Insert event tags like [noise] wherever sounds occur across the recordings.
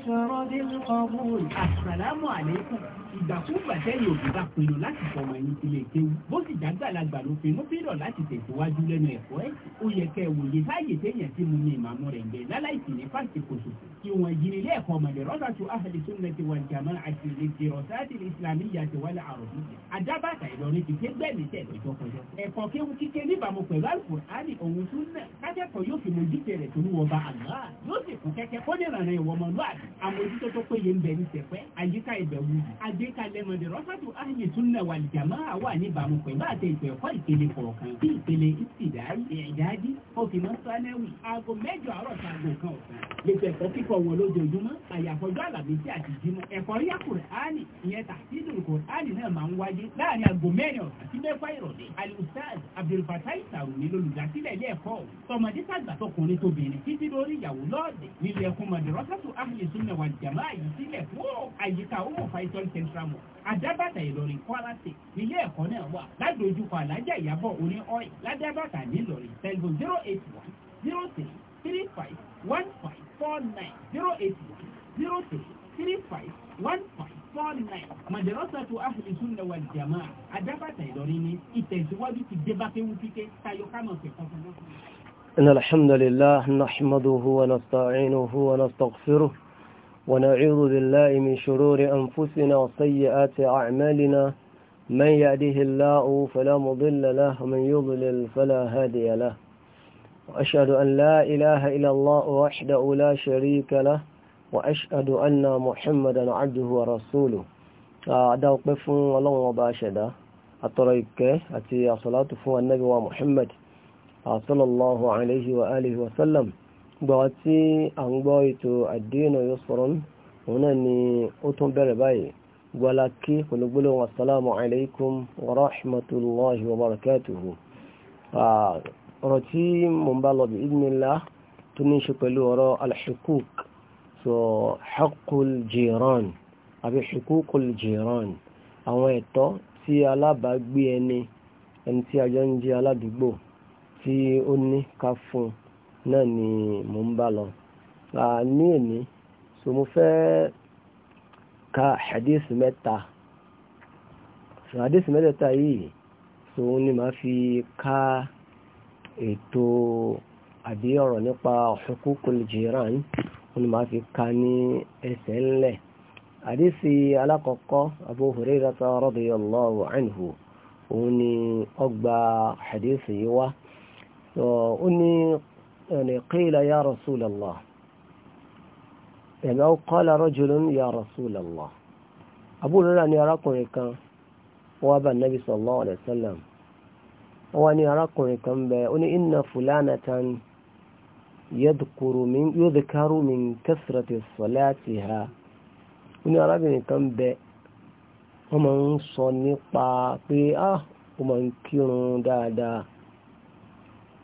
أكثر بالقبول السلام عليكم ìgbàkúgbà tẹ́lẹ̀ òbí bá pinnu láti fọmọ ẹni ti kéwu bó sì jágbàlagbà ló pinnu bírọ̀ láti tẹ̀síwájú lẹ́nu ẹ̀kọ́ ẹ̀ ó yẹ kẹ́ ẹ wòye láàyè téèyàn tí mo ní ìmàmú rẹ̀ ń bẹ láláì sì ní fásitì kí wọ́n yí nílé ẹ̀kọ́ ọmọdé rọ́dà tó ahli tó ń wọba àgbà yóò sì kẹ́kẹ́ kó ní ìrànlẹ́ ìwọ́mọlúwàbí àmójútó tó péye ń bẹ ní sẹ̀pẹ́ àyíká ibẹ̀ wù yìí. àgbékalẹ̀ madrasatu ahli sunna wal jamaa wà níbàámu pẹ̀lú àti ètò ẹ̀kọ́ ìpele kọ̀ọ̀kan bí ìpele ìsìdáyì ìdájí òfìmọ̀ sálẹ́wì aago mẹ́jọ àárọ̀ sí aago kan ọ̀sán. lètò ẹ̀kọ́ kíkọ wọn lójoojúmọ́ àyàfọ́jọ́ àlàmísì àti jímọ̀. ẹ̀kọ́ rí àkùrẹ́ánì ìyẹn tàṣídùn kùrẹ́ánì náà máa ń wáyé láàrin aago mẹ́rin ọ̀sán sí mẹ́fà ìrọ̀lẹ́. alustaz abdulfatai sarumi lolùdásílẹ̀ ilé ẹ̀kọ́ tọmọdé tàgbà tọkùnrin tóbìnrin títí lórí ìyàwó lọ́ọ̀dẹ̀ nílẹ̀ ẹkùn madrasatu ahli sunna sunna wal jamaa yìí sílẹ̀ fún àyíká ọmọ faisal central mall adábàtà ìlọrin kwara ilé ẹ̀kọ́ náà wà ládojúkọ alájà ìyàbọ̀ oní ọ́ì ládábàtà nílọrin telephone zero eight one zero three three five one five four nine zero eight one zero three three five one five four nine madarasatu ahli sunna wal jamaa adábàtà ìlọrin ní ìtẹ̀síwájú ti débàkéwu kíké tayo kámọ̀ fẹ̀kọ́ fún náà. إن الحمد لله نحمده ونستعينه ونستغفره ونعوذ بالله من شرور أنفسنا وسيئات أعمالنا من يهده الله فلا مضل له ومن يضلل فلا هادي له وأشهد أن لا إله إلا الله وحده لا شريك له وأشهد أن محمدا عبده ورسوله آه، أدعو قفن الله وباشدا أتريك أتي صلاة فو النبي ومحمد آه، صلى الله عليه وآله وسلم gbọ́ tí à ń gbọ́ ètò àdéhùn yusrun òun náà ni ó tún bẹ̀rẹ̀ báyìí gbọ́lá kí olùgbòlò wọn assalamu alaikum wa rahmatullahi wa so haqqul jiran àbí hukukul jiran àwọn ẹ̀tọ́ tí alábàágbé ẹni ẹni tí a jọ ń náà ni mò ń bá lọ ní èmi so mo fẹ́ ka hadith mẹ́ta so hadith mẹ́tẹ̀ẹ̀ta yìí so òun ni màá fi ka ètò àbí ọ̀rọ̀ nípa hukukul jiran òun ni màá fi ka ní ẹsẹ̀ ńlẹ̀ hadith alákọ̀ọ́kọ́ Abu Hurairata radiyallahu anhu òun ni ọgbà hadith yìí wá so ó ní يعني قيل يا رسول الله يعني أو قال رجل يا رسول الله أبو لولا أن يراكم كان وأبا النبي صلى الله عليه وسلم وأن يراكم كان بأني إن فلانة يذكر من يذكر من كثرة صلاتها أن أراكم كان بأ ومن صنقا بأه ومن كيرون دادا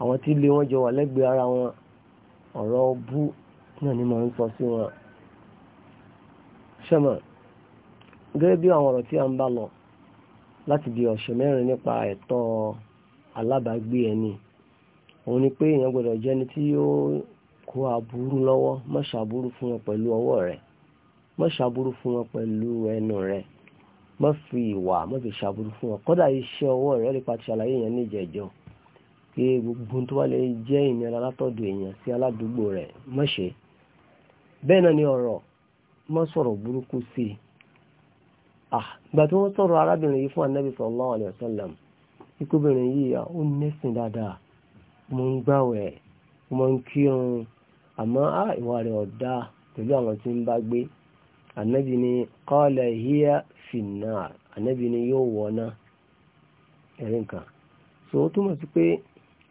àwọn tí ilé wọn jọ wà lẹ́gbẹ̀ẹ́ ara wọn ọ̀rọ̀ bú náà ni mò ń sọ sí wọn. ṣẹ́mọ̀ gẹ́gẹ́ bí àwọn ọ̀rọ̀ tí a ń bá lọ láti di ọ̀sẹ̀ mẹ́rin nípa ẹ̀tọ́ alábàágbé ẹni òun ni pé èèyàn gbọ́dọ̀ jẹ́ni tí yóò kó aburú lọ́wọ́ má ṣàbúrú fún wọn pẹ̀lú ọwọ́ rẹ̀ má ṣàbúrú fún wọn pẹ̀lú ẹnu rẹ̀ má fi ìwà má fi ṣàbúrú fún wọn kódà iṣẹ́ ọwọ́ rẹ̀ lè pa ti ṣàlàyé yẹn ní ìjẹ́jọ́ pé gbogbo tó wà lè jẹ́ ìnira látọ̀dọ̀ èèyàn sí aládùúgbò rẹ̀ má bẹ́ẹ̀ náà ni ọ̀rọ̀ má sọ̀rọ̀ burúkú sí i wọ́n sọ̀rọ̀ arábìnrin yìí fún anábì sallallahu alaihi wasallam ikúbìnrin yìí ó nẹ́sìn dáadáa mo ń gbàwẹ̀ mo ń kírun àmọ́ ìwà rẹ̀ ọ̀dá pẹ̀lú àwọn ni qala hiya finnar anábì ni yóò wọ̀ na so ó túmọ̀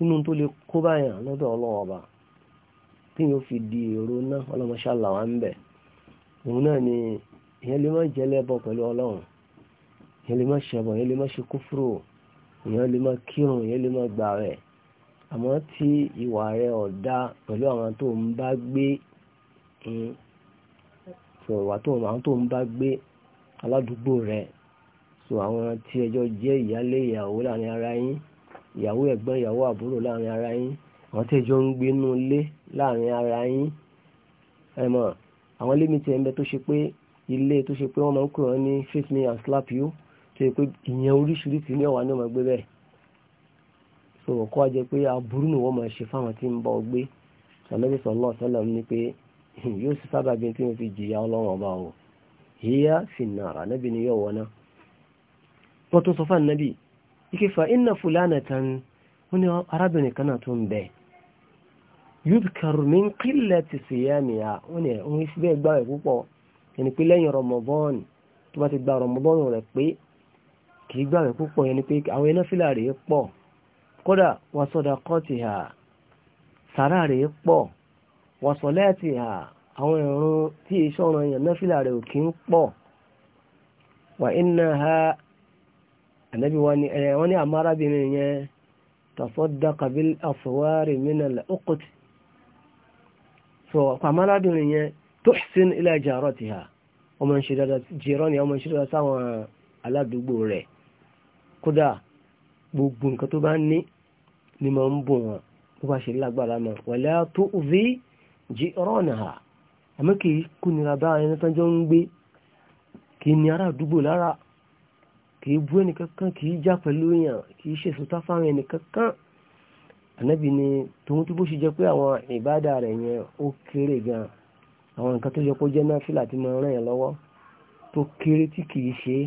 nínú tó lè kó báyàn lọ́dọ̀ ọlọ́ọ̀ba tí yóò fi di èrò náà ọlọ́mọṣálà wà ń bẹ̀ òun náà ni ìyẹn lè má jẹ́lẹ́bọ pẹ̀lú ọlọ́run ìyẹn lè má ṣẹbọ ìyẹn lè má ṣe kúfúrò ìyẹn lè má kírun ìyẹn lè má gbà rẹ̀ àmọ́ tí ìwà rẹ̀ ọ̀dá pẹ̀lú àwọn hmm, tó àwọn tó ń bá gbé aládùúgbò rẹ̀ so àwọn tí ẹjọ́ jẹ́ ìyálé ìyàwó láàrin ara yín ìyàwó ẹ̀gbọ́n ìyàwó àbúrò láàrin ara yín àwọn tẹ́jọ́ ń gbé inú ilé láàrin ara yín ẹ mọ̀ àwọn ilé mi ti ẹ̀ ń bẹ tó ṣe pé ilé tó ṣe pé wọ́n máa ń pè wọ́n ní face me and slap you tó yẹ pé ìyẹn oríṣiríṣi ní ọ̀wá náà máa gbé bẹ́ẹ̀ so kọ́ ọ pé aburú ni wọ́n máa ṣe fáwọn tí ń bọ́ gbé sàlẹ́bí sọ̀lọ́ sọ́lọ́ ní pé yóò sì sábà bí tí mo fi jìyà ọlọ́run ọba o híyá fìnnà ànábì ni yóò wọ́n náà tún sọ fún ànábì ike fa inna fulanatan wọ́n ní arábìnrin kan náà tó ń bẹ yudhkar min qillati siyamiha wọ́n ní òun sì bẹ́ẹ̀ gbá rẹ̀ púpọ̀ yẹn ni pé lẹ́yìn rọmọbọ́ọ̀nù tó bá ti gba rọmọbọ́ọ̀nù rẹ̀ pé kì í gbá rẹ̀ púpọ̀ yẹn pé àwọn iná fìlà rẹ̀ pọ̀ kódà wa sadaqatiha sàrà rẹ̀ pọ̀ wa salatiha àwọn ìrun tí iṣẹ́ ọ̀ràn yẹn náà fìlà rẹ̀ ò kí ń pọ̀ wà innaha ànábì wọn ni ẹ eh, wọn ni àmọ́ arábìnrin yẹn tasaddaqa bil aswari minal uqut so àmọ́ arábìnrin yẹn tuhsin ila jaratiha ọmọ ìṣe dáadáa jìrọ ni ọmọ ìṣe dáadáa sáwọn aládùúgbò rẹ̀ kódà gbogbo nǹkan tó bá ní ni máa ń bò wọn bó bá ṣe lágbára mọ́ wala tu'zi jiranaha àmọ́ kì í kúnira bá ẹni tó jọ ń gbé kì í kìí bú ẹnìkankan kìí já pẹ̀lú èèyàn kìí ṣe sùtá fáwọn ẹnìkankan ànábì ni tòun tí bó ṣe jẹ́ pé àwọn ìbádà rẹ̀ yẹn ó kéré gan àwọn nǹkan tó yẹ kó jẹ́ náà fìlà tí máa ràn yẹn lọ́wọ́ tó kéré tí kìí ṣe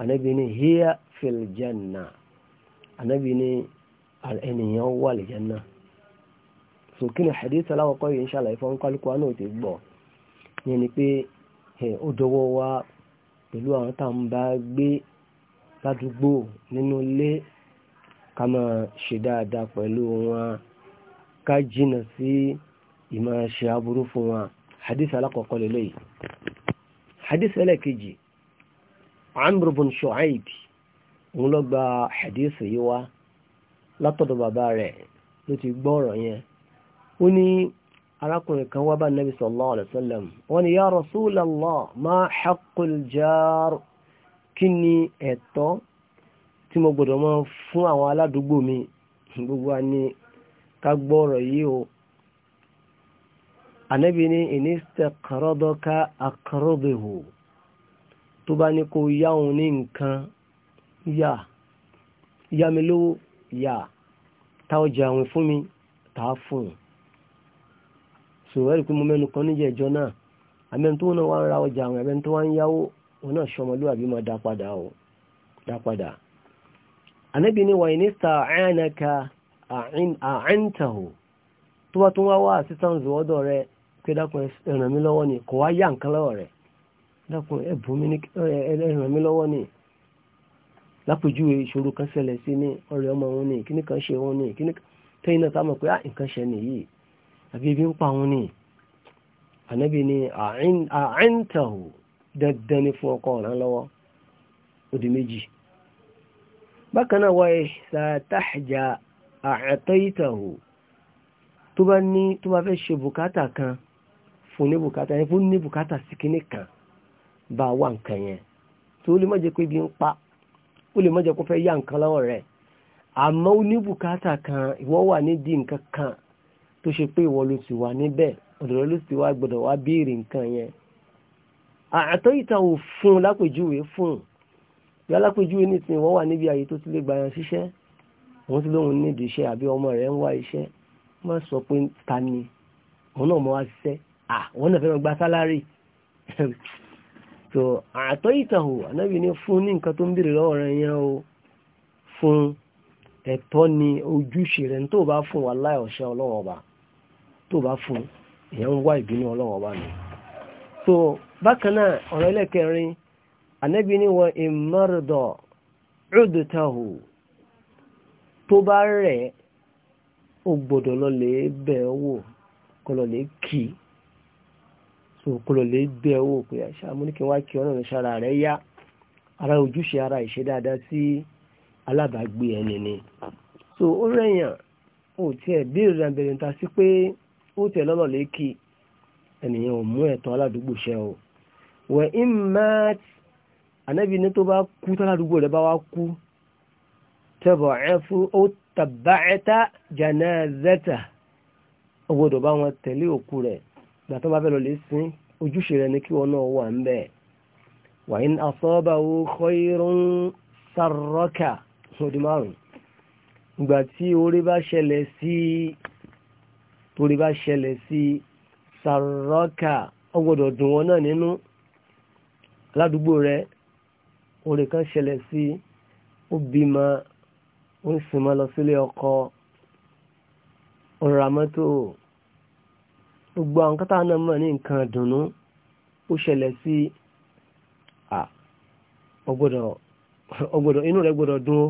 ànábì ni hiya fil janna ànábì ni ènìyàn wà lè janna sòkè ní hadith aláwọ̀kọ́ yìí ń ṣàlàyé fún kálukú àná òtí gbọ́ ni pé ó dọwọ́ wa pẹ̀lú àwọn táwọn bá gbé ládùúgbò nínú ilé ká máa ṣe dáadáa pẹ̀lú wọn ká jìnà sí ìmọ̀ ṣe aburú fún wọn hadith alákọ̀ọ́kọ́ lélẹ̀ yìí hadith ẹlẹ́kejì amr bin shu'aib òun ló gba hadith yìí wá látọ̀dọ̀ bàbá rẹ̀ ló ti gbọ́ ọ̀rọ̀ yẹn ó ní arákùnrin kan wá bá nabi sallallahu alaihi wasallam wọ́n ní ya rasulallah ma haqqul jar kí ni ẹ̀tọ́ tí mo gbọ́dọ̀ máa fún àwọn aládùúgbò mi gbogbo wa ni ká gbọ́ ọ̀rọ̀ yìí o ànábì ní ìníṣẹ́ kàrọ́dọ́ká àkàrọ́bẹ̀hò tó bá ní kó yá òun ní nǹkan yá yá mi lówó yá ta ọjà àwọn fún mi ta fún un pé mo mẹ́nu kan níjẹ̀jọ́ náà àmẹ́ni tó náà wá ń ra ọjà àwọn àmẹ́ni tó wá ń yáwó mgbe naa shọmọlụ a bi ma daa o a na ni ni wayinista a ianaka a ian-tehu tubatum awa ati tanzu o do re kpe dakun esi eranmi lowo ni kwa ya nkele ọrịa dakun ebunmi ni eranmi lowo ni. lapu juwe soro kan sele si ni ọrịa ọmụ wọn ni kini ka nshe wọn ni kini ka ịna-ta mụrụ kwe a ian-kansani yi a ibi ibi mkpa wọn ni. a na ebi ni a ian dandan ni fún ọkọ ọ̀ràn lọ́wọ́ odi méjì bákan náà wáyé sàtàjà àtọ́ ìtàwó tó bá ní tó bá fẹ́ ṣe bùkátà kan fún ní bùkátà yẹn fún ní bùkátà sí kíní kan bá wà nǹkan yẹn tó lè má jẹ́ pé bí ń pa ó lè má jẹ́ kó fẹ́ yá nǹkan lọ́wọ́ rẹ̀ àmọ́ ó ní bùkátà kan ìwọ wà nídìí nǹkan kan tó ṣe pé ìwọ ló ti wà níbẹ̀ ọ̀dọ̀ ló ti wá gbọ́dọ̀ wá béèrè nǹkan yẹn àtọ́ ìtàwò fún lápèjúwe fún bí alápèjúwe nísìnyí wọ́n wà níbi ààyè tó ti lè gbayan ṣiṣẹ́ wọ́n ti lóun nídìí iṣẹ́ àbí ọmọ rẹ̀ ń wá iṣẹ́ má sọ pé ta ni òun náà mọ́ wá ṣiṣẹ́ à wọ́n náà fẹ́ràn gba sálárì [laughs] so àtọ́ ìtàwò ànábì ní fún ní nǹkan tó ń bèrè lọ́wọ́ rẹ̀ yẹn o fún ẹ̀tọ́ ni ojúṣe rẹ̀ tó bá fún wa láì ọ̀ṣẹ́ ọlọ́wọ́ ọba tó bá fún ìyẹn ń wá ìbínú ọlọ́wọ́ ọba ni so bákan náà ọ̀rọ̀ ẹlẹ́kẹrin ànábì ní wọ ìmọ̀rọ̀dọ̀ ọdọ̀tàhù tó bá rẹ̀ ó gbọ́dọ̀ lọlẹ̀ bẹ̀ wò kọlọ̀lẹ̀ so kọlọ̀lẹ̀ bẹ̀ pé àṣà mú wá kí ọ̀nà rẹ̀ ara ojúṣe ara ìṣe dáadáa sí alábàágbé ẹni ni so ó rẹ̀yàn ó tiẹ̀ béèrè rẹ̀ bẹ̀rẹ̀ sí pé ó tiẹ̀ ẹnìyàn ò mú ẹ̀tọ́ aládùúgbò o. wẹ̀ imat anábì ní tó bá kú tó ládùúgbò rẹ̀ bá wá kú tẹ́bọ̀ ẹ̀ fún ó tàbáẹ́ta janazata ó gbọ́dọ̀ bá wọn tẹ̀lé òkú rẹ̀ gbà tó bá fẹ́ lọ lè sin ojúṣe rẹ̀ ní kí wọn náà wà ń bẹ̀ wa in asabahu khayrun sarraka ọdún márùn-ún ìgbà tí orí bá ṣẹlẹ̀ sí torí bá ṣẹlẹ̀ sí sarraka ó gbọ́dọ̀ dùn wọn náà nínú ládùúgbò rẹ oore kan ṣẹlẹ̀ sí ó bímọ ó ń sìnmọ́ lọ sílé ọkọ ọ̀rọ̀ àmọ́tò gbogbo àwọn kátà náà mọ̀ ní nǹkan dùnú ó ṣẹlẹ̀ sí à ọgbọdọ inú rẹ̀ gbọ́dọ̀ dún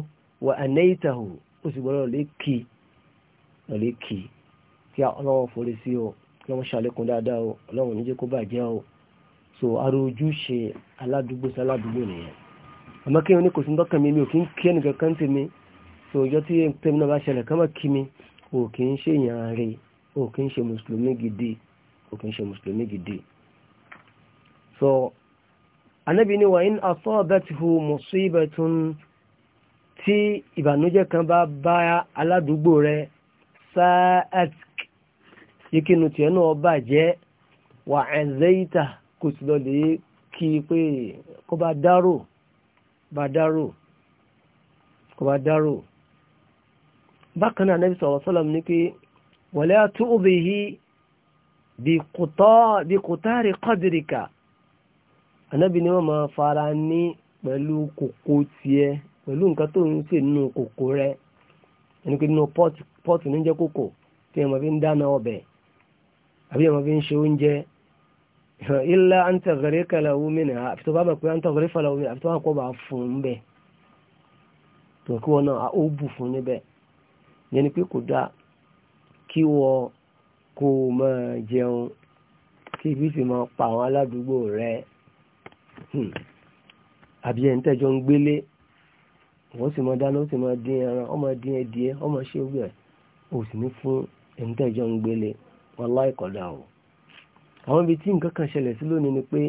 wà ànẹ́ìtàhù ó sì lè kí kí kí o kí ṣàlékún o kó o. so ara ojúṣe aládùúgbò sí aládùúgbò nìyẹn àmọ́ kí wọn ní kò sí dọ́kàn mi ò kí ń kí ẹnìkan kan tè mi so ìjọ tí tèmi náà bá ṣẹlẹ̀ kán máa kí mi ò kí ń ṣe èèyàn rè ò kí ń ṣe mùsùlùmí gidi ò kí ń ṣe mùsùlùmí gidi so anábì ni wà ní asabatuhu musibatun tí ìbànújẹ́ kan bá bá aládùúgbò rẹ sáà yìí kí nu tiẹ̀ náà bàjẹ́ wà ẹ̀zẹ́ kò sì lọ lè kí i pé kó bá dárò bá dárò kó bá dárò bákan náà nẹ́bí sọ̀rọ̀ sọ́lọ́m ní pé wala tu'bihi bí kòtáàrí kọ́dìríkà anábì ni wọ́n máa fara ní pẹ̀lú kòkó tiẹ̀ pẹ̀lú nǹkan tó ń ṣe nínú kòkó rẹ̀ ẹni pé nínú pọ́ọ̀tù ní jẹ́ kòkó tí ẹ̀ máa fi ń dáná ọbẹ̀ àbí ẹ̀ máa fi ń ṣe oúnjẹ ilá ń tẹ̀gẹ̀rẹ́ kẹlẹ̀ omi nà àfitọ́ bá mọ̀ pé ń tẹ̀gẹ̀rẹ́ fẹlẹ̀ a àfitọ́ àkọ́ bá fún un bẹ̀ tó kí wọn yẹn ni ma jẹun ibi sì ma pa àwọn aládùúgbò rẹ hmm. àbí ẹ̀ ń tẹ̀jọ́ ń gbélé wọ́n sì máa dáná ó sì dín ẹran ọmọ dín ọmọ ṣé ó ó sì ní fún àwọn ibi tí nǹkan kan ṣẹlẹ̀ sí lónìí ni pé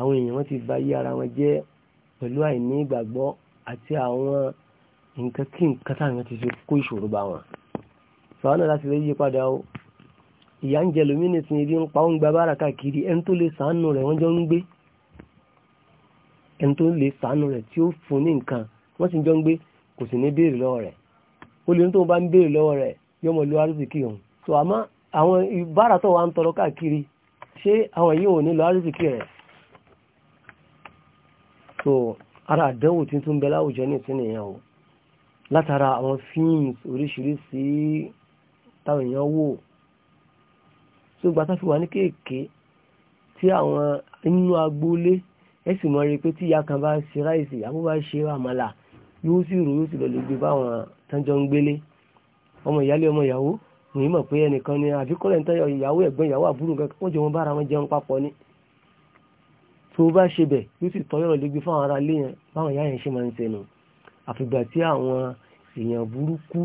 àwọn èèyàn wọn ti ba yí ara wọn jẹ́ pẹ̀lú àìní ìgbàgbọ́ àti àwọn nǹkan kí nǹkan táwọn ti fi kó ìṣòro bá wọn sọ̀rọ̀ náà láti lè yí padà ó ìyá ń jẹ lómi nìsín ibi ń pa ó ń gba bára káàkiri ẹni tó lè sàánú rẹ̀ wọ́n jọ ń gbé ẹni tó lè sàánú rẹ̀ tí ó fún ní nǹkan wọ́n sì jọ ń gbé kò sì ní béèrè lọ́wọ́ rẹ̀ ó lè ní tó bá ń béèrè lọ́wọ́ rẹ̀ yọmọ lu arúgbìkì so àmọ́ àwọn ìbára tó wà ń tọrọ káàkiri ṣé àwọn yìí ò ní lọ àrísìkí rẹ̀ so ara àdánwò tí tún bẹ láwùjọ ní ìsinmi yẹn o látara àwọn fíìmù oríṣiríṣi táwọn èèyàn wò tó gba tá fi wà ní kéèké tí àwọn inú agboolé ẹ sì mọ rí i pé tí ìyá kan bá ṣe ráìsì àbó bá ṣe àmàlà yóò sì rò yóò sì lọ lè gbé báwọn tán ń gbélé ọmọ ìyálé ọmọ ìyàwó ní mọ̀ pé ẹnìkan ni àfikúnlẹ̀ ń tẹ́yọ ìyàwó ẹ̀gbọ́n ìyàwó àbúrò kankan wọ́n jẹ wọn bára wọn jẹun papọ̀ ni tó bá ṣe bẹ̀ yóò sì tọ́yọ̀rọ̀ lé gbé fáwọn ará ilé yẹn báwọn ìyá yẹn ṣe máa ń sẹnu àfìgbà tí àwọn èèyàn burúkú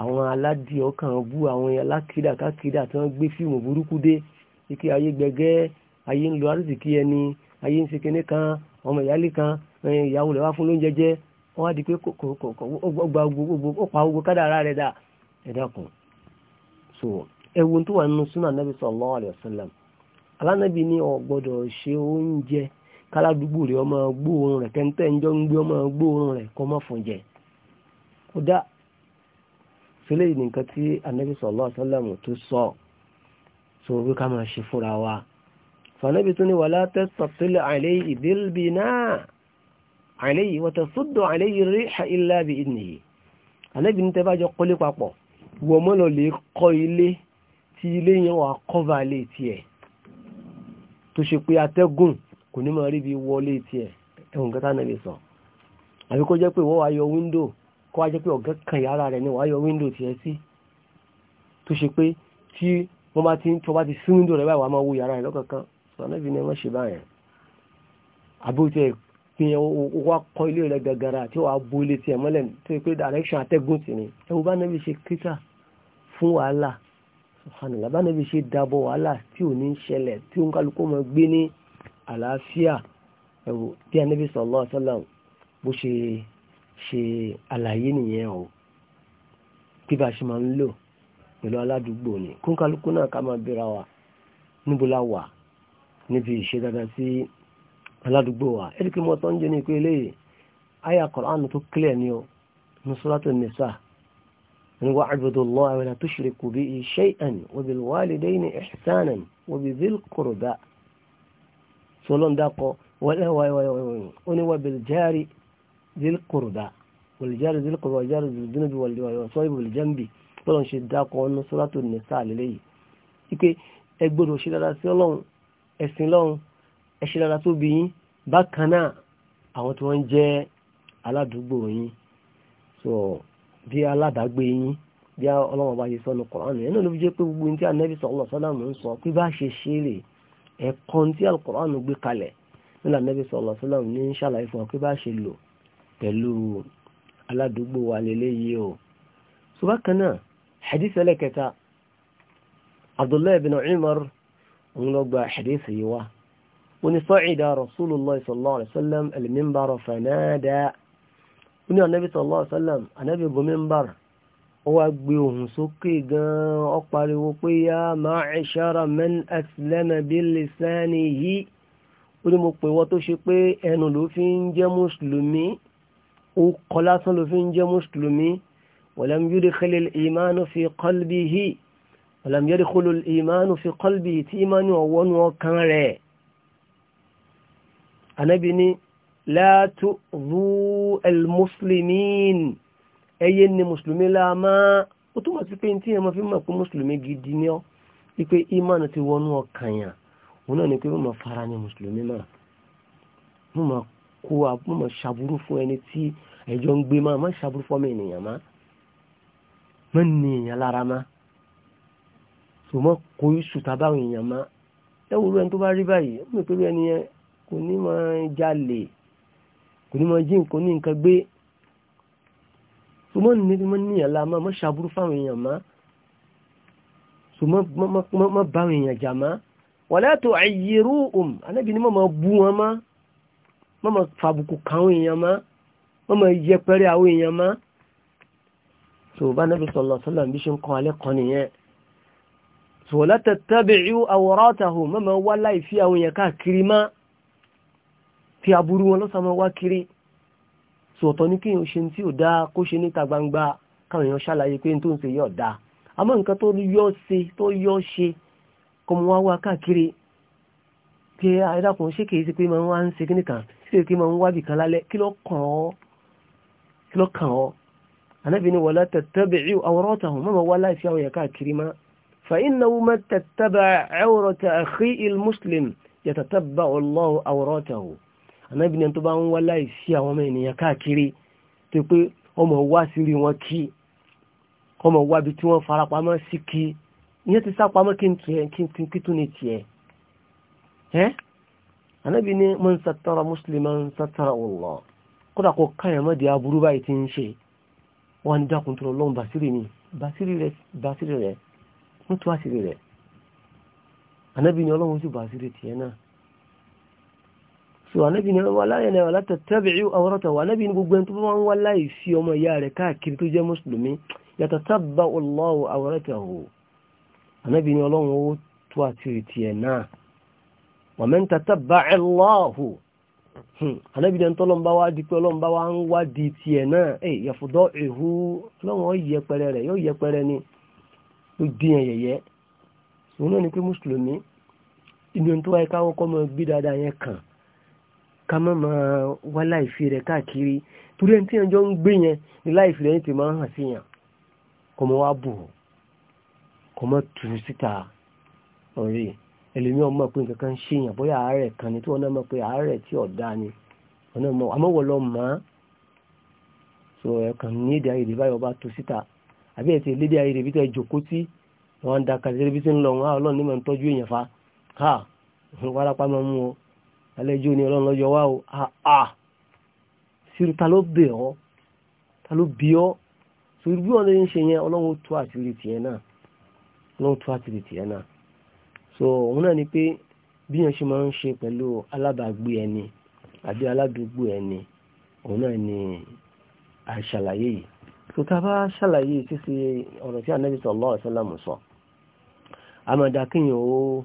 àwọn aládì ọkàn bú àwọn alákìdá kákìdá tí wọ́n gbé fíìmù burúkú dé ike ayé gbẹgẹ́ ayé ń lo àrísìkí ẹni ayé ń ṣe kinní kan ọmọ ìyálé kan ìyàwó rẹ̀ wá fún lóúnjẹ jẹ wá di pé kò ó gba gbogbo ó pa gbogbo kádàrá rẹ̀ dà ẹ̀dá kan so ẹwùn tó wà nínú súnà nàbí sallallahu alayhi wa sallam alánàbí ní ọ gbọ́dọ̀ ṣe oúnjẹ káládùúgbò rẹ ọmọ gbóòórùn rẹ kẹńtẹ ńjọ ń gbé ọmọ gbóòórùn rẹ kọ mọ fún jẹ kódà sílẹ̀ yìí nìkan tí anabi sallallahu alayhi wa sallam tó sọ so wí ká máa ṣe fúnra wa fànàbí tó ní wala tastatil alayhi wọ́n mọ́ lọ lè kọ́ ilé tí ilé yẹn wà kọ́va ilé tiẹ̀ tó ṣe pé atẹ́gùn kò ní máa rí bí wọlé tiẹ̀ ẹ̀hùn kẹta náà lè sọ àbí kó jẹ́ pé wọ́n wá yọ wíńdò kó wá jẹ́ pé ọ̀gá kan yàrá rẹ̀ ni wàá yọ wíńdò tiẹ̀ sí tó ṣe pé tí wọ́n bá ti ń tọ́ bá ti sí wíńdò rẹ̀ báyìí wàá máa wo yàrá rẹ̀ lọ́kọ̀ọ̀kan sọ̀nẹ́bí ni wọ́n ṣe báyẹn àbí ó tiẹ̀ pin wa kọ́ ilé rẹ̀ gàgàrà tí wàá bo ilé tiẹ̀ mọ́lẹ̀ tó ṣe pé direction ategun sí ni ẹ̀wù bá nẹ́bí ṣe kíta fún wàhálà subhanallah bá níbi ṣe dábọ̀ wàhálà tí ò ní ṣẹlẹ̀ tí ó ń kálukú máa gbé ní àlàáfíà ẹ̀wò bí anábì sallallahu alaihi wasallam bó ṣe ṣe àlàyé nìyẹn o kí bá ṣe máa ń lò pẹ̀lú aládùúgbò ni kó ń kálukú náà ká máa bíra wa níbo la wà níbi ìṣe dáadáa sí aládùúgbò wa ẹ̀rí kí mo tọ́ ń jẹ́ ní ìpele yìí àyà Kùránì tó kílẹ̀ ni o ní Nisa واعبدوا الله ولا تشركوا به شيئا وبالوالدين إحسانا وبذي القربى سولون داقو ولا واي واي واي واي وبالجار ذي القربى والجار ذي القربى والجار ذي الجنب والصاحب بالجنب سولون شداقو أن سورة النساء للي ike ẹgbọ́dọ̀ ṣe dára sí ọlọ́run ẹ̀sìn lọ́run ẹ̀ṣẹ̀ dára tó bí yín bákan náà àwọn tí wọ́n jẹ́ aládùúgbò yín so bí aládàgbé yín bí ọlọ́wọ́ bá yẹ sọ́nu kọ̀ọ̀nù ẹ̀ náà ló fi jẹ́ pé gbogbo ní tí anabi sọ̀rọ̀ sọ́dàmù ń sọ pé bá ṣe ṣe rè ẹ̀kọ́ tí alukọ̀ọ̀nù gbé kalẹ̀ nílà anabi sọ̀rọ̀ sọ́dàmù ní ṣàlàyé fún wa pé bá ṣe lò pẹ̀lú aládùúgbò wa lélẹ́yìí o. ṣùgbọ́n kan náà hadith ẹlẹ́kẹta abdullahi bin umar ń lọ gba hadith yìí wá. ونصعد رسول الله صلى الله عليه وسلم المنبر فنادى ó ní anabi sallallahu alaihi wasallam anabi gomimbar ó wá gbé ohùn sókè gan ó pariwo pé ya ma'ishara man aslama bi lisanihi ó ní mo pè wọ́n tó ṣe pé ẹnu ló fi ń jẹ́ mùsùlùmí ó kọ́ lásán ló fi ń jẹ́ mùsùlùmí walam yudkhil al fi qalbihi walam yudkhil al-imanu fi qalbihi tí ìmánu ọ̀wọ́nu ọkàn rẹ̀ anabi la tu'dhu al-muslimin ẹyẹ ni mùsùlùmí láàmá ó túnmọ̀ sí pé tí ẹmọ fi mọ̀ pé mùsùlùmí gidi ní ọ́ wípé imánu ti wọnú ọkàn yàn òun náà ni pé mọ̀ fara ní mùsùlùmí náà mọ̀ mọ̀ kó a mọ̀ ṣàbúrú fún ẹni tí ẹjọ́ ń gbé máa má ṣàbúrú fún ọmọ ènìyàn má má ní èèyàn lára má sò mọ́ kó iṣu tá èèyàn má ẹ wúlò ẹni tó bá rí báyìí ó mọ̀ pé ẹni yẹn kò ní máa jalè kò ní máa jí nǹkan ní nǹkan gbé sùmọ́ ní mọ́ níyàn la máa mọ́ ṣàbúrú fáwọn èèyàn má sùmọ́ mọ́ báwọn èèyàn jà má wala tu'ayyiruhum anábì ní mọ́ máa bú wọn má mọ́ máa fàbùkù káwọn èèyàn má mọ́ máa yẹpẹrẹ àwọn èèyàn má tó bá nábì sallallahu alaihi bí ṣe ń kọ́ alẹ́ kan nìyẹn tó wala tattabi'u awratahum mọ́ tí aburú wọn lọ́sàmọ́ wá kiri sọ̀tọ̀ ní kí n ṣe tí ò dáa kó ṣe níta gbangba káwọn èèyàn ṣàlàyé pé n tó ń ṣe yọ̀ dáa àmọ́ nǹkan tó yọ ṣe tó yọ ṣe kó mo wá wá káàkiri pé ayédàkùn ṣé kìí ṣe pé máa ń wá ń ṣe kíní kan ṣé kìí máa ń wá bìkan lálẹ́ kí ló kàn ọ́ kí ló kàn ọ́ ànábì ni wala tattabi'u awratahum wá láì àwọn èèyàn káàkiri má fa innahu man tattaba'a awrata akhihi al-muslim yatatabba'u Allahu awratahu ànábì ní tó bá ń wá láìsí àwọn ọmọ ènìyàn káàkiri tó pé ọmọ wá sí rí wọn kí ọmọ wá bí tí wọ́n farapamọ́ sí kí ìyẹn ti sápamọ́ kí n tiẹ̀ kí tún ní tiẹ̀ ẹ́ ànábì ní man satara musliman satara Allah kódà kó káyàn mọ́ di aburú báyìí ti ń ṣe wọ́n ní dákun tó lọ́n basiri ni basiri rẹ̀ basiri rẹ̀ mú tó àṣírí rẹ̀ ànábì ní ọlọ́run sì basiri tiẹ̀ náà so anabi ni wa láyé náà láti tẹ́bìí awọ́rọ́ta wa anabi ni gbogbo ẹni tó bá ń wá láì fi ọmọ ìyá rẹ̀ káàkiri tó jẹ́ mùsùlùmí yàtọ̀ tábà Allahu awratahu anabi ni ọlọ́run ó tó àtìrì tiẹ̀ wa man tataba'a Allahu anabi hmm. ni ẹni tó lọ́n bá wá di pé ọlọ́run bá wá ń wá di tiẹ̀ náà ẹ̀ yàfùdọ́ ìhú ọlọ́run ó yẹpẹrẹ rẹ̀ yóò yẹpẹrẹ ni ló dín ẹ̀yẹ̀yẹ́ òun náà ni pé mùsùlùmí inú ẹni tó wáyé káwọ́ kọ́ mọ́ gbé dáadáa yẹn kàn ká má máa wá láìfi rẹ̀ káàkiri torí ẹni tí yẹn jọ ń gbé yẹn ní láìfi rẹ̀ ti máa ń hàn sí yàn kò mọ wá bù kò mọ tù ú síta ọ̀rẹ́ ẹlòmí ọmọ pé nǹkan kan ṣe yàn bóyá àárẹ̀ kan ni tí wọ́n náà mọ̀ pé àárẹ̀ tí ọ̀dá ni wọ́n náà mọ̀ àmọ́wọ́ lọ mọ̀ so ẹ̀kan ní èdè ayèdè báyọ̀ bá tu síta àbí ẹ̀ ti lédè ayèdè bí tẹ́ jòkó tí wọ́n ń da bí tí ń lọ wọn ọlọ́run ní mọ̀ ń tọ́jú èèyàn fa ha wọ́n wá lápá máa mú o àlejò ni ọlọ́run lọ́yọ wá o àà sírù ta ló bẹ̀ ọ́ ta ló bí ọ́ sórí bí ọlọ́run ṣe yẹn ọlọ́run tó àtìrí tìyẹn náà ọlọ́run tó àtìrí tìyẹn náà so òun náà ni pé bí yẹn ṣe máa ń ṣe pẹ̀lú alábàágbé ẹni àbí aládùúgbò ẹni òun náà ni àṣàlàyé yìí tó ta bá ṣàlàyé títí ọ̀rọ̀ tí Ànábì sallallahu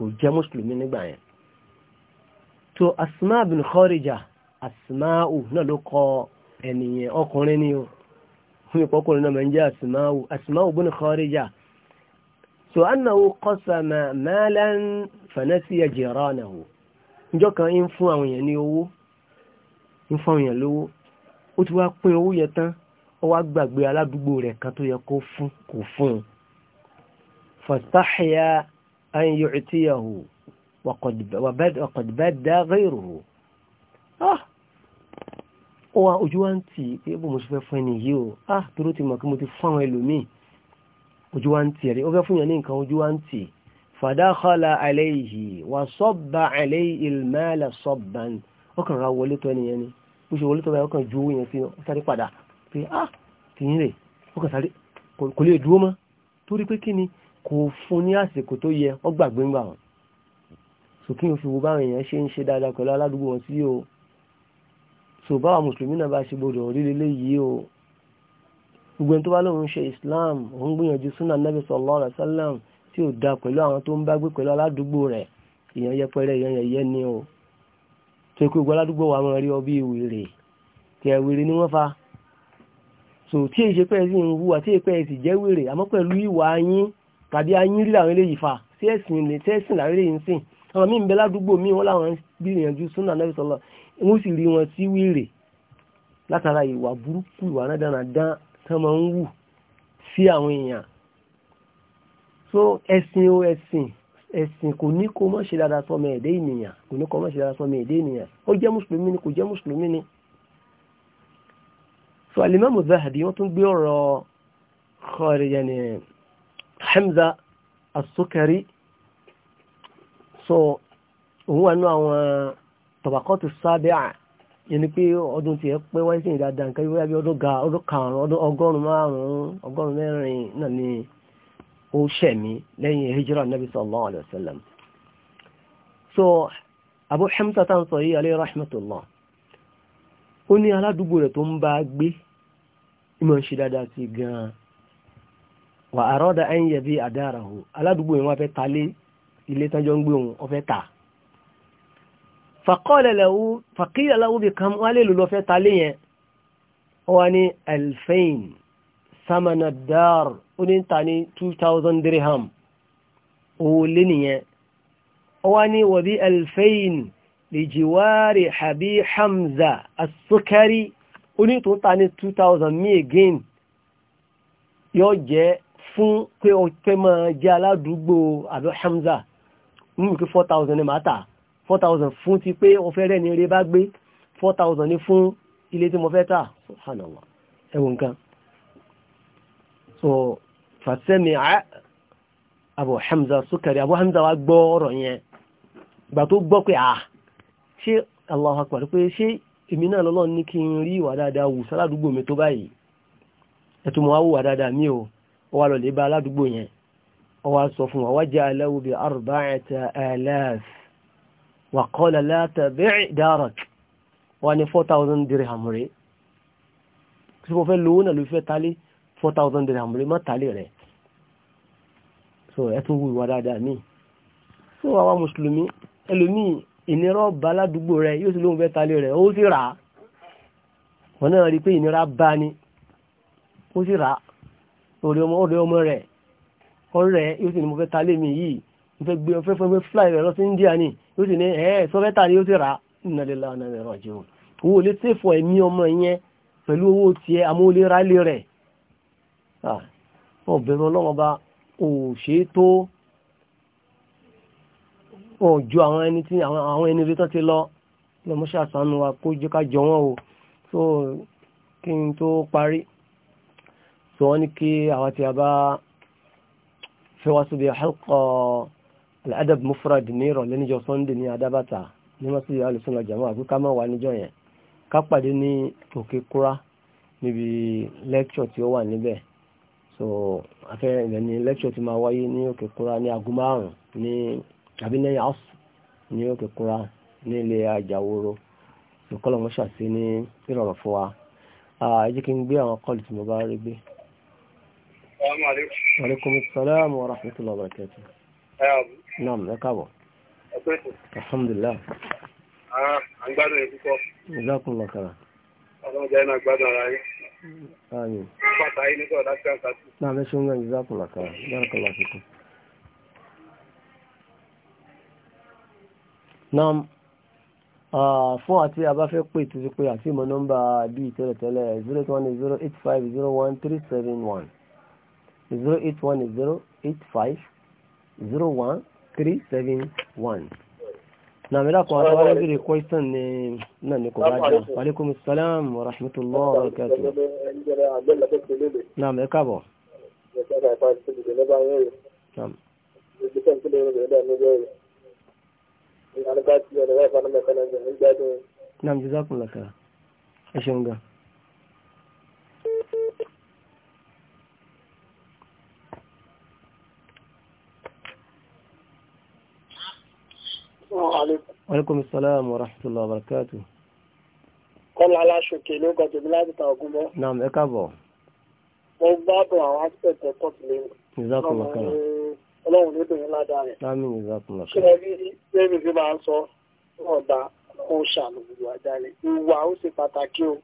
kò jẹ́ mùsùlùmí nígbà yẹn tó asma bin kharija asma'u náà ló kọ ẹnìyẹn ọkùnrin ni o fún ìpọ́kùnrin náà máa ń jẹ́ asma'u asma'u bin kharija so annahu qasama malan fanasiya jiranahu níjọ́ kan ń fún àwọn èèyàn ní owó ń fún àwọn èèyàn lówó ó ti wá pín owó yẹn tán ó wá gbàgbé aládùúgbò rẹ̀ kan tó yẹ kó fún kò fún un fastahya an yu'tiyahu waqad badda ghayruhu ó wá ojú wá ń tì pé bó mo ṣe fẹ́ fún ẹni yìí o ah dúró ti mọ̀ kí mo ti fún àwọn ẹlòmíì ojú wá ń tì ẹ̀rí ó fẹ́ fún yàn ní nǹkan ojú wá ń tì fàdákọ́lá àlẹ́yìí wà sọ́bà àlẹ́yìí ìlmẹ́lẹ̀ sọ́bà ní ọkàn ra wọlé tó ẹni yẹn ni bó ṣe wọlé tó báyìí ọkàn ju owó yẹn sí sáré padà pé ah tìyín rè ọkàn sáré kò lè dúró mọ́ torí pé kí ni kò fún ní àsìkò tó yẹ ọ gbàgbé ńgbà wọn sòkí o fi wo báwọn èèyàn ṣe ń ṣe dáadáa pẹ̀lú aládùúgbò wọn sí o sò báwọn mùsùlùmí náà bá ṣe gbọdọ̀ rí lélẹ́yìí o gbogbo ẹni tó bá lóun ṣe islam òun gbìyànjú súnà nàbì sallallahu alaihi wasallam tí ò da pẹ̀lú àwọn tó ń bá gbé pẹ̀lú aládùúgbò rẹ̀ èèyàn yẹpẹrẹ èèyàn yẹyẹ ni o tó kó gbogbo aládùúgbò wa máa rí ọ bí wèrè tí ẹ wèrè ni wọ́n fa so tí èyí ṣe pẹ́ẹ́ sì ń wúwa tí èyí pẹ́ẹ́ sì jẹ́ wèrè àmọ́ pẹ̀lú ìwà yín tàbí ayín rí làwọn eléyìí fa sí ẹ̀sìn ní sí ẹ̀sìn làwọn eléyìí ń sìn àwọn míì ń bẹ ládùúgbò míì wọn làwọn gbìyànjú súnà náà sọlọ wọn sì rí wọn sí wèrè látara ìwà burúkú ìwà rádaràdán tán máa ń wù sí àwọn èèyàn so ẹ̀sìn o ẹ̀sìn ẹ̀sìn kò ní kó mọ́ ṣe dáadáa sọmọ ẹ̀dẹ́ ènìyàn kò ní kó mọ́ ṣe dáadáa sọmọ ẹ̀dẹ́ ènìyàn ó jẹ́ mùsùlùmí ni kò jẹ́ mùsùlùmí ni. so alimami zahabi wọ́n tún gbé ọ̀rọ̀ kọrin yẹn ni Hamza As-Sukari so òun wà ní àwọn tọ̀bàkọ́tù sábẹ́à yẹni pé ọdún tí ẹ pẹ́ wáyé sí ìdáadáa nǹkan yíwáyá bí ọdún ga ọdún karùn-ún ọdún ọgọ́rùn-ún márùn-ún ọgọ́rùn-ún mẹ́rin náà ni ó ṣẹ̀mí lẹ́yìn hijira nabi sallallahu alayhi wa sallam so abu hamza tá ń sọ yìí alayhi rahmatullah ó ní aládùúgbò rẹ̀ tó ń bá gbé ìmọ̀ ń ṣe dáadáa sí gan-an wà àrọ́dà ẹ̀yìn yẹ̀bi àdára hù aládùúgbò yẹn wọ́n fẹ́ ta lé ilé tánjọ́ ń gbé òun ọ̀fẹ́ ta fàkíyà láwù bí kan wọ́n lè lò ta lé yẹn ó wá ní alfain samanadar ó ní ta ní two thousand dirham owó lé nìyẹn ó wá ní wọ̀bí alfain lè jìwárì habi hamza asukari ó ní tó ta ní two thousand mi again yóò jẹ́ fún pé o fẹ́ máa jẹ́ aládùúgbò àbí Hamza nínú pé four thousand ni màá four thousand fún ti pé o fẹ́ rẹ̀ ní eré bá gbé four thousand ni fún ilé tí mo fẹ́ tà subhanallah ẹ̀wọ̀n nǹkan so fàṣẹ́mi Abu Hamza Sukari Abu Hamza wa gbọ́ ọ̀rọ̀ yẹn gbà tó gbọ́ pé ah ṣé Allahu Akbar pé ṣé èmi náà lọ́lọ́ ní kí n rí ìwà dáadáa wù sáládùúgbò mi tó báyìí ẹ̀tùmọ̀ wá wù wà dáadáa mi o ó wá lọ́lẹ̀ bá aládùúgbò yẹn ó wá sọ fún wa wájà aláwòbí arba'ata alaf wa qala la tabi' darak wà ní 4,000 dirham rẹ̀ tí mo fẹ́ lówó náà ló fẹ́ tálé 4,000 dirham rẹ̀ má tálé rẹ̀ so ẹtún wù wá dáadáa míì so àwa mùsùlùmí ẹlòmíì ìnira ọba aládùúgbò rẹ̀ yóò sì lóun fẹ́ tálé rẹ̀ ó sì rà wọn náà rí i pé ìnira bá ní ó sì rà orí ọmọ ọ̀rẹ́ ọmọ rẹ̀ ọ̀rẹ́ yóò sì ní mo fẹ́ ta lé mi yìí mo fẹ́ gbé ọfẹ́ fẹ́ fly rẹ̀ lọ sí India ni yóò sì ní ẹ̀ sọ́fẹ́tà ni yóò sì rà nàlẹ́lá nàlẹ́rọ̀ jẹun owó lè sèfọ̀ ẹ̀mí ọmọ yẹn pẹ̀lú owó tiẹ̀ amóhólé rálé rẹ̀ ọ̀bẹ̀rún ọlọ́wọ́n bá òṣè tó ọjọ́ àwọn ẹni tí àwọn ẹni rí tán ti lọ lọ́mọ́ṣàṣánú wa kó jẹ́ ká jọ wọ́n o so kí n tó parí so wọ́n ní kí àwọn tí a bá fẹ́ wá síbi halqa al-adab mufrad ní ìrọ̀lẹ́ níjọ sunday ní adábàtà ní masjid al-sunnah jama àbí ká máa wà níjọ yẹn ká pàdé ní òkè kúrá níbi lecture tí ó wà níbẹ̀ so afẹ́ ilẹ̀ ní lecture tí máa wáyé ní òkè kúrá ní aago márùn ní àbí lẹ́yìn house ní òkè kúrá ní ilé àjàwòrò ìkọlọ̀mọ́ṣà sí ní ìrọ̀rọ̀ fún wa ah, ẹ jẹ́ kí n gbé àwọn kọ́ọ̀lù tí mo bá rí gbé. Assalamu alaikum. Wa alaikum assalam wa rahmatullahi wa barakatuh. Naam, ẹ káàbọ̀. Alhamdulillah. Àgbádùn ẹ̀ púpọ̀. Ìzákun lọ́kàrà. Ọlọ́jà iná gbádùn ara yín. Ààyè. Pàtà yìí nígbà láti àǹkàtì. Náà mẹ́ṣẹ́ ń gbẹ̀yìn ìzákun lọ́kàrà. Bárakàlá kíkún. Naam, fún àti abáfẹ́ pè tó ti pé àti ìmọ̀ nọ́mbà bíi tẹ́lẹ̀tẹ́lẹ̀ 010 085 01 371 zero eight one zero eight five zero one three seven one. Nàmìlá kan ara wáyé bèèrè question ní náà ní kò bá jẹun. Wàlékún sálám wa rahmatullahi wa barakatuh. Nàmì ẹ káàbọ̀. Nàmì. Nàmì jẹ́ sákùnlá kan. Ẹ ṣeun gan. aleykum salaam wa rahmatulah wa barakatu. kọ́lá aláṣọkè ló kọ́ tèmi láti ta ogun bọ́. naam ẹ káàbọ̀. mo gbádùn àwọn aspect ẹ̀kọ́ tìlẹ̀ mi. ìzákùnlọ̀ kan. ọlọ́run ló dùn yín ládàá rẹ̀. láàmì ìzákùnlọ̀ kan. ṣé ẹbí bẹ́ẹ̀ mi fi máa ń sọ ọ̀dà ó ṣàlùwò àjálẹ̀ ìwà ó ṣe pàtàkì o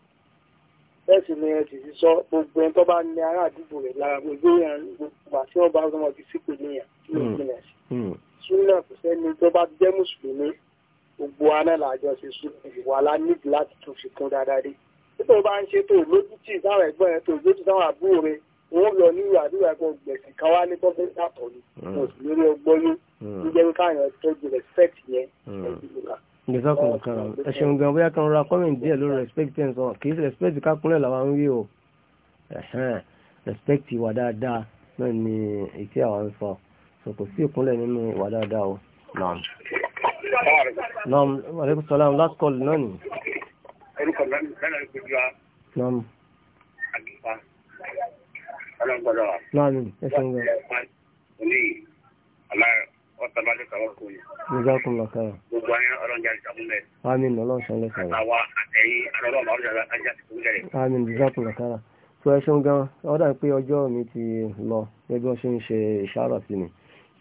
bẹ́ẹ̀ sì ni ẹ sì ti sọ gbogbo ẹni tó bá ní ará àdúgbò rẹ̀ lára gbogbo ìyàn gbogbo àti ọba ọmọ ti sípò níyàn súnà kò sẹ́ni tó bá jẹ́ mùsùlùmí gbogbo aná làjọ ṣe súnà ìwà la níbi láti tún fi kún dáadáa dé tó bá ń ṣe tó lójútì sáwọn ẹ̀gbọ́n rẹ tó lójútì sáwọn àbúrò rẹ wọn lọ ní ìwà àdúrà kan gbẹ̀sìn kan wá ní tọ́jú yàtọ̀ ni mo hmm. sì lórí ọgbọ́n yín ní hmm. jẹ́ káyọ̀ tọ́jú respect yẹn gbèsàkùn hmm. ọ̀kan ẹ ṣeun gan bóyá kan ra comment díẹ̀ lórí respect ten sọ kì í ṣe respect kákúnlẹ̀ làwọn ń wí o respect ìwà dáadáa náà ni ètí àwọn ń sọ kò sí ìkúnlẹ̀ nínú ìwà dáadáa o naam naam aleykum salaam last call náà ni. orúkọ mẹ́rin ló gbójú wa. naam. àgbẹ̀fà ọlọ́gbọ́dọ̀ wa. naam ẹ ṣeun gan. oní aláyọ ọ̀sán bá lè kàwọ́ kò ní. nígbà kún lọ káyọ. gbogbo ayé ọlọ́njà ti sàmú mẹ́. àmín ọlọ́sàn lè kàwọ́. àwa àtẹ̀yìn alọ́lọ́mọ ọlọ́jà ti sàmú mẹ́rin. àmín nígbà kún lọ káyọ. sọ ẹ ṣeun gan ọ̀dà pé ọjọ́ mi ti lọ gẹ́gẹ́ bí wọ́n ṣe ń ṣe ìṣàrọ̀ sí mi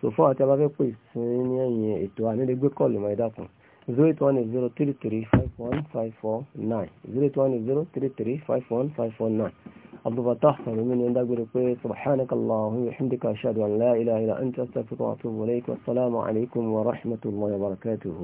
sòfò àti abáfẹ́ pè sí ní ẹ̀yìn ètò ànílégbé kọ́ọ̀lù mọ́ ẹ̀dá kan zero eight one zero three three five one five four sọ̀rọ̀ mi ni ẹ̀ pé subhanakallahumma wa bihamdika an la ilaha illa anta astaghfiruka wa atubu ilayk wa salaamu alaykum wa rahmatullahi wa barakatuh.